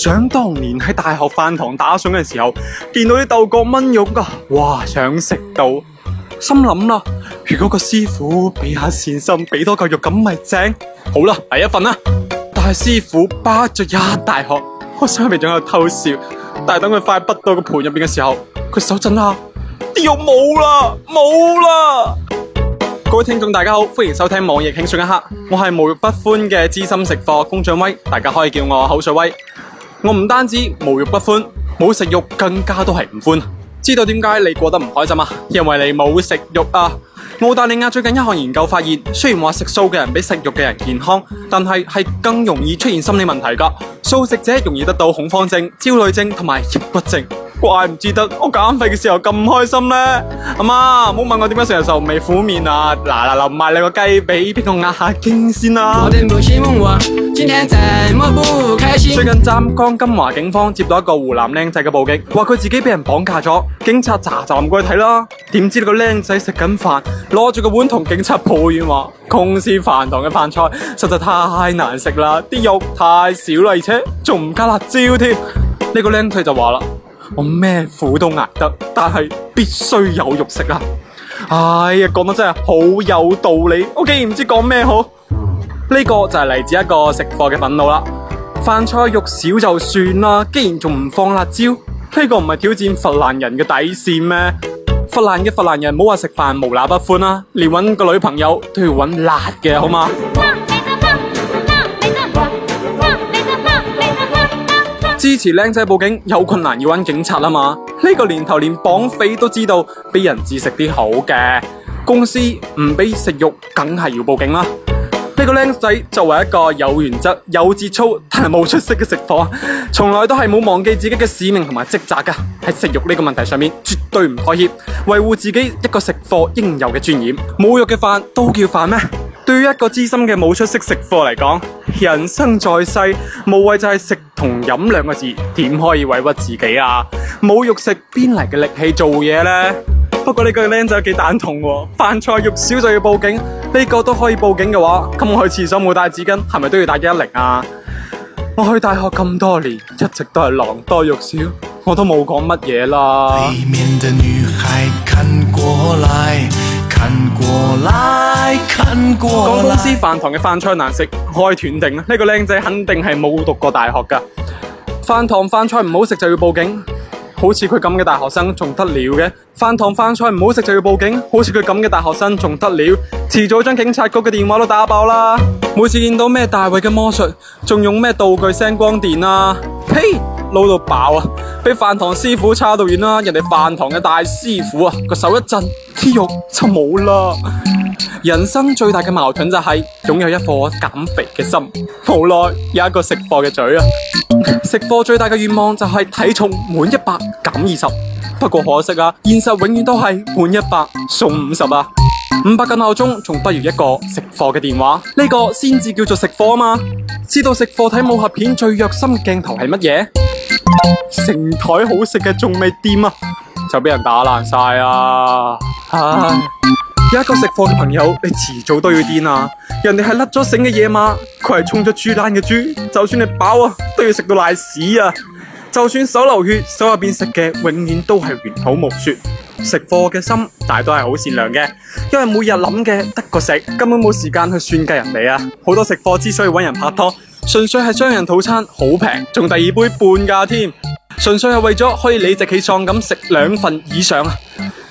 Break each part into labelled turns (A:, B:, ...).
A: 想當年喺大學飯堂打賞嘅時候，見到啲豆角炆肉啊，哇！想食到，心諗啦，如果個師傅俾下善心，俾多嚿肉咁咪正。好啦，第一份啦，大 師傅滗咗一大殼，我心入面仲有偷笑。但係等佢快滗到個盤入邊嘅時候，佢手震啦，啲肉冇啦，冇啦。 各位聽眾大家好，歡迎收聽網易輕鬆一刻，我係無肉不歡嘅資深食貨工匠威，大家可以叫我口水威。我唔單止無肉不歡，冇食肉更加都係唔歡。知道點解你過得唔開心啊？因為你冇食肉啊！澳大利亞最近一項研究發現，雖然話食素嘅人比食肉嘅人健康，但係係更容易出現心理問題噶。素食者容易得到恐慌症、焦慮症同埋抑鬱症。怪唔之得我減肥嘅時候咁開心呢？阿媽，唔好問我點解成日愁眉苦面啊！嗱嗱嗱，買你個雞髀俾我壓下驚先啦，啊！我的今天不開心。最近湛江金華警方接到一個湖南靚仔嘅報警，話佢自己被人綁架咗。警察查就唔過去睇啦。點知呢個靚仔食緊飯，攞住個碗同警察抱怨話：公司飯堂嘅飯菜實在太難食啦，啲肉太少啦，而且仲唔加辣椒添。呢、這個靚仔就話啦：我咩苦都捱得，但係必須有肉食啦。哎呀，講得真係好有道理。我竟然唔知講咩好。呢個就係嚟自一個食貨嘅憤怒啦！飯菜肉少就算啦，竟然仲唔放辣椒？呢個唔係挑戰佛蘭人嘅底線咩？佛蘭嘅佛蘭人唔好話食飯無辣不歡啦，連搵個女朋友都要搵辣嘅好嘛？支持靚仔報警，有困難要搵警察啊嘛？呢個年頭連綁匪都知道俾人質食啲好嘅，公司唔俾食肉，梗係要報警啦！呢個僆仔作為一個有原則、有節操但係冇出息嘅食貨，從來都係冇忘記自己嘅使命同埋職責㗎。喺食肉呢個問題上面，絕對唔妥協，維護自己一個食貨應有嘅尊嚴。冇肉嘅飯都叫飯咩？對於一個資深嘅冇出息食貨嚟講，人生在世，無謂就係食同飲兩個字，點可以委屈自己啊？冇肉食邊嚟嘅力氣做嘢呢？不過呢個僆仔幾蛋痛喎，飯菜肉少就要報警。呢個都可以報警嘅話，咁我去廁所冇帶紙巾，係咪都要帶一零啊？我去大學咁多年，一直都係狼多肉少，我都冇講乜嘢啦。講公司飯堂嘅飯菜難食，我可以斷定啦。呢、這個靚仔肯定係冇讀過大學㗎，飯堂飯菜唔好食就要報警。好似佢咁嘅大學生仲得了嘅，飯堂飯菜唔好食就要報警。好似佢咁嘅大學生仲得了，遲早將警察局嘅電話都打爆啦！每次見到咩大衛嘅魔術，仲用咩道具聲光電啊，嘿，撈到寶啊！比飯堂師傅差到遠啦，人哋飯堂嘅大師傅啊，個手一震，啲肉就冇啦。人生最大嘅矛盾就係，擁有一顆減肥嘅心，無奈有一個食貨嘅嘴啊。食貨最大嘅願望就係體重滿一百減二十，不過可惜啊，現實永遠都係滿一百送五十啊。五百個鬧鐘仲不如一個食貨嘅電話，呢、這個先至叫做食貨啊嘛。知道食貨睇武俠片最虐心嘅鏡頭係乜嘢？成台好食嘅仲未掂啊！就俾人打爛晒啦！有一個食貨嘅朋友，你、欸、遲早都要癲啊！人哋係甩咗繩嘅野馬，佢係衝咗豬欄嘅豬，就算你飽啊，都要食到瀨屎啊！就算手流血，手入面食嘅永遠都係完好無缺。食貨嘅心大多係好善良嘅，因為每日諗嘅得個食，根本冇時間去算計人哋啊！好多食貨之所以搵人拍拖，純粹係雙人套餐好平，仲第二杯半價添。純粹係為咗可以理直氣壯咁食兩份以上啊！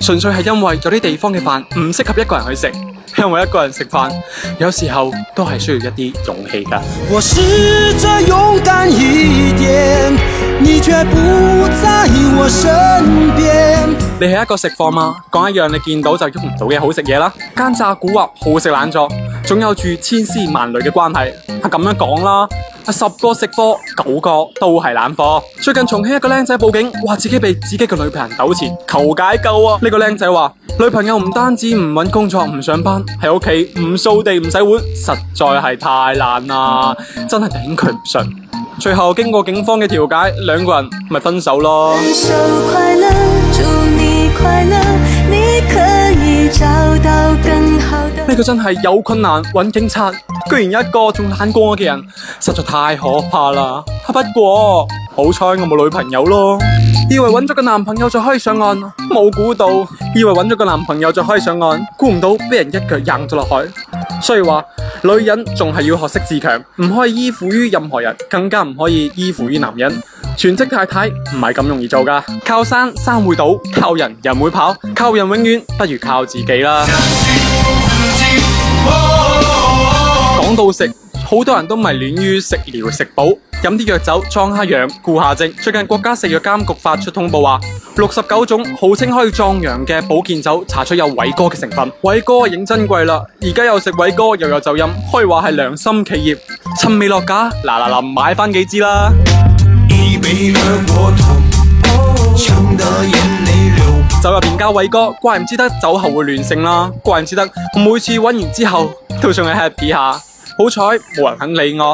A: 純粹係因為有啲地方嘅飯唔適合一個人去食，因為一個人食飯有時候都係需要一啲勇氣㗎。我試着勇敢一點，你卻不在我身邊。你係一個食貨嗎？講一樣你見到就喐唔到嘅好食嘢啦！奸詐蠱惑，好食懶做，總有住千絲萬縷嘅關係，係咁樣講啦。十個食貨九個都係懶貨。最近重慶一個靚仔報警，話自己被自己嘅女朋友糾纏，求解救啊！呢個靚仔話，女朋友唔單止唔搵工作唔上班，喺屋企唔掃地唔洗碗，實在係太懶啦，真係頂佢唔順。最後經過警方嘅調解，兩個人咪分手咯。分手
B: 快樂，祝你快樂，你可以找到更好
A: 的。呢個真係有困難揾警察。居然有一個仲懶過我嘅人，實在太可怕啦！不過好彩我冇女朋友咯，以為揾咗個男朋友就可以上岸，冇估到；以為揾咗個男朋友就可以上岸，估唔到俾人一腳扔咗落去。所以話，女人仲係要學識自強，唔可以依附於任何人，更加唔可以依附於男人。全職太太唔係咁容易做㗎，靠山山會倒，靠人人會跑，靠人永遠不如靠自己啦。講到食，好多人都迷戀於食療食補，飲啲藥酒壯下陽、固下症。最近國家食藥監局發出通報話，六十九種號稱可以壯陽嘅保健酒查出有偉哥嘅成分。偉哥認真貴啦，而家又食偉哥又有酒飲，可以話係良心企業。趁未落價，嗱嗱嗱，買翻幾支啦！頭哦哦酒入邊加偉哥，怪唔之得酒後會亂性啦。怪唔之得每次飲完之後都仲係 happy 下。好彩冇人肯理我，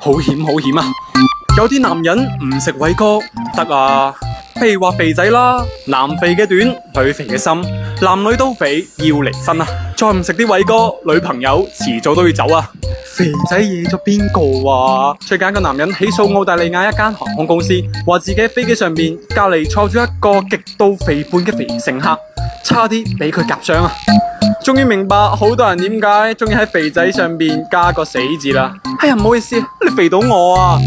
A: 好險好險啊！有啲男人唔食偉哥得啊，譬如話肥仔啦，男肥嘅短，女肥嘅深，男女都肥要離婚啊！再唔食啲偉哥，女朋友遲早都要走啊！肥仔惹咗邊個啊？最近一個男人起訴澳大利亞一間航空公司，話自己飛機上面隔籬坐咗一個極度肥胖嘅肥乘客。差啲俾佢夾傷啊！終於明白好多人點解中意喺肥仔上面加個死字啦！哎呀，唔好意思，你肥到我啊！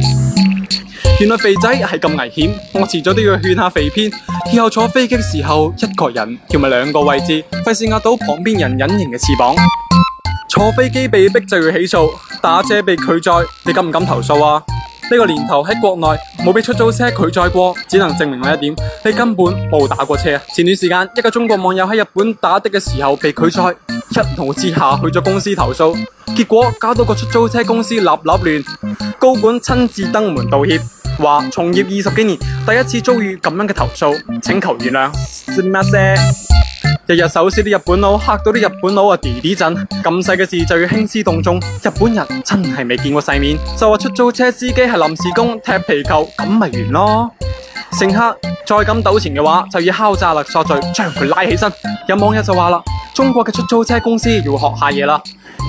A: 原來肥仔係咁危險，我遲早都要勸下肥編，以後坐飛機的時候一個人，要唔係兩個位置，費事壓到旁邊人隱形嘅翅膀。坐飛機被逼就要起訴，打車被拒載，你敢唔敢投訴啊？呢個年頭喺國內冇被出租車拒載過，只能證明你一點，你根本冇打過車。前段時間，一個中國網友喺日本打的嘅時候被拒載，一怒之下去咗公司投訴，結果搞到個出租車公司立立亂，高管親自登門道歉，話從業二十幾年第一次遭遇咁樣嘅投訴，請求原諒。日日手撕啲日本佬，嚇到啲日本佬啊，跌跌震，咁細嘅事就要興師動眾，日本人真係未見過世面，就話出租車司機係臨時工、踢皮球，咁咪完咯。乘客再敢糾纏嘅話，就以敲詐勒索罪將佢拉起身。有網友就話啦，中國嘅出租車公司要學下嘢啦。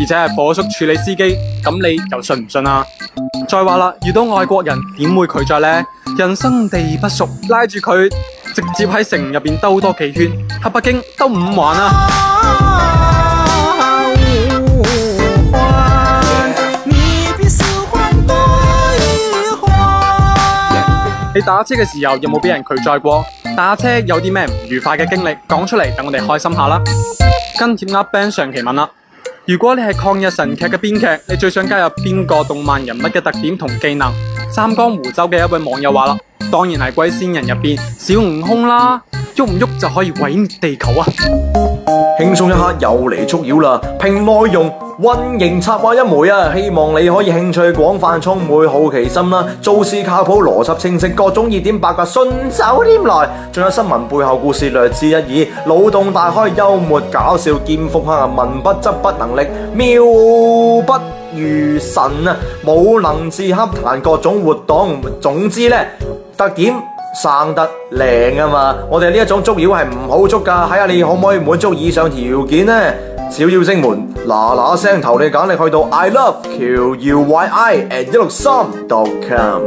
A: 而且係火速處理司機，咁你又信唔信啊？再話啦，遇到外國人點會拒載呢？人生地不熟，拉住佢直接喺城入面兜多幾圈，喺北京兜五環啊！你比四環多一環。你打車嘅時候有冇俾人拒載過？打車有啲咩唔愉快嘅經歷講出嚟，等我哋開心下啦！跟帖啊 Ben 上期問啦。如果你係抗日神劇嘅編劇，你最想加入邊個動漫人物嘅特點同技能？三江湖州嘅一位網友話啦，當然係《龜仙人入面》入邊小悟空啦，喐唔喐
C: 就可以毀滅地球啊！輕鬆一刻又嚟捉妖啦！憑內容、運營策劃一枚啊，希望你可以興趣廣泛、充滿好奇心啦。做事靠譜、邏輯清晰，各種熱點八卦順手拈來，仲有新聞背後故事略知一二，腦洞大開、幽默搞笑兼腹黑啊！文筆執筆能力，妙不如神啊！武能自洽談各種活動，總之呢，特點？生得靚啊嘛！我哋呢一種捉妖係唔好捉噶，睇、哎、下你可唔可以滿足以上條件呢？小妖精們嗱嗱聲投你簡歷去到 i love q、u、y i at 163 dot com，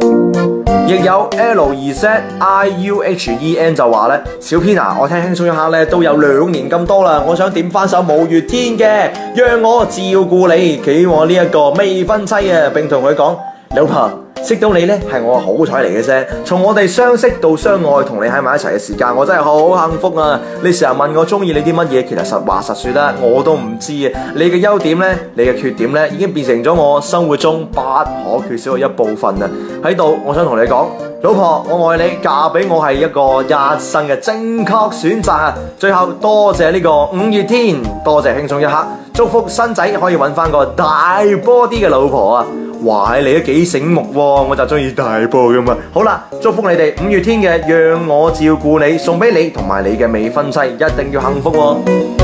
C: 亦有 l 二 e t i u h e n 就話呢 小編啊，我聽輕鬆一刻呢都有兩年咁多啦，我想點翻首《五月天》嘅，讓我照顧你，企我呢一個未婚妻啊，並同佢講老婆。識到你咧，係我好彩嚟嘅啫，從我哋相識到相愛，同你喺埋一齊嘅時間，我真係好幸福啊！你成日問我中意你啲乜嘢，其實實話實說啦，我都唔知啊！你嘅優點咧，你嘅缺點咧，已經變成咗我生活中不可缺少嘅一部分啊。喺度，我想同你講，老婆，我愛你，嫁俾我係一個一生嘅正確選擇啊！最後多謝呢個五月天，多謝輕鬆一刻，祝福新仔可以揾翻個大波啲嘅老婆啊！哇！你都幾醒目喎，我就鍾意大波咁啊！好啦，祝福你哋五月天嘅《讓我照顧你》送畀你同埋你嘅未婚妻，一定要幸福喎、哦！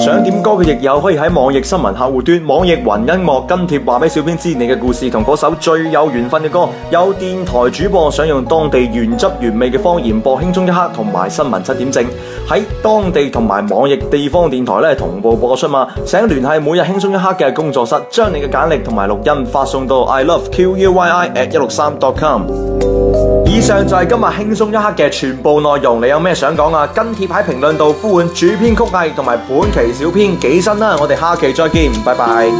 C: 想點歌嘅亦有，可以喺網易新聞客戶端、網易雲音樂跟帖話俾小編知你嘅故事同嗰首最有緣分嘅歌。有電台主播想用當地原汁原味嘅方言播輕鬆一刻同埋新聞七點正喺當地同埋網易地方電台咧同步播出嘛？請聯繫每日輕鬆一刻嘅工作室，將你嘅簡歷同埋錄音發送到 i love q u y i at 一六三 dot com。以上就係今日輕鬆一刻嘅全部內容，你有咩想講啊？跟貼喺評論度呼喚主編曲藝同埋本期小編幾新啦，我哋下期再見，拜拜。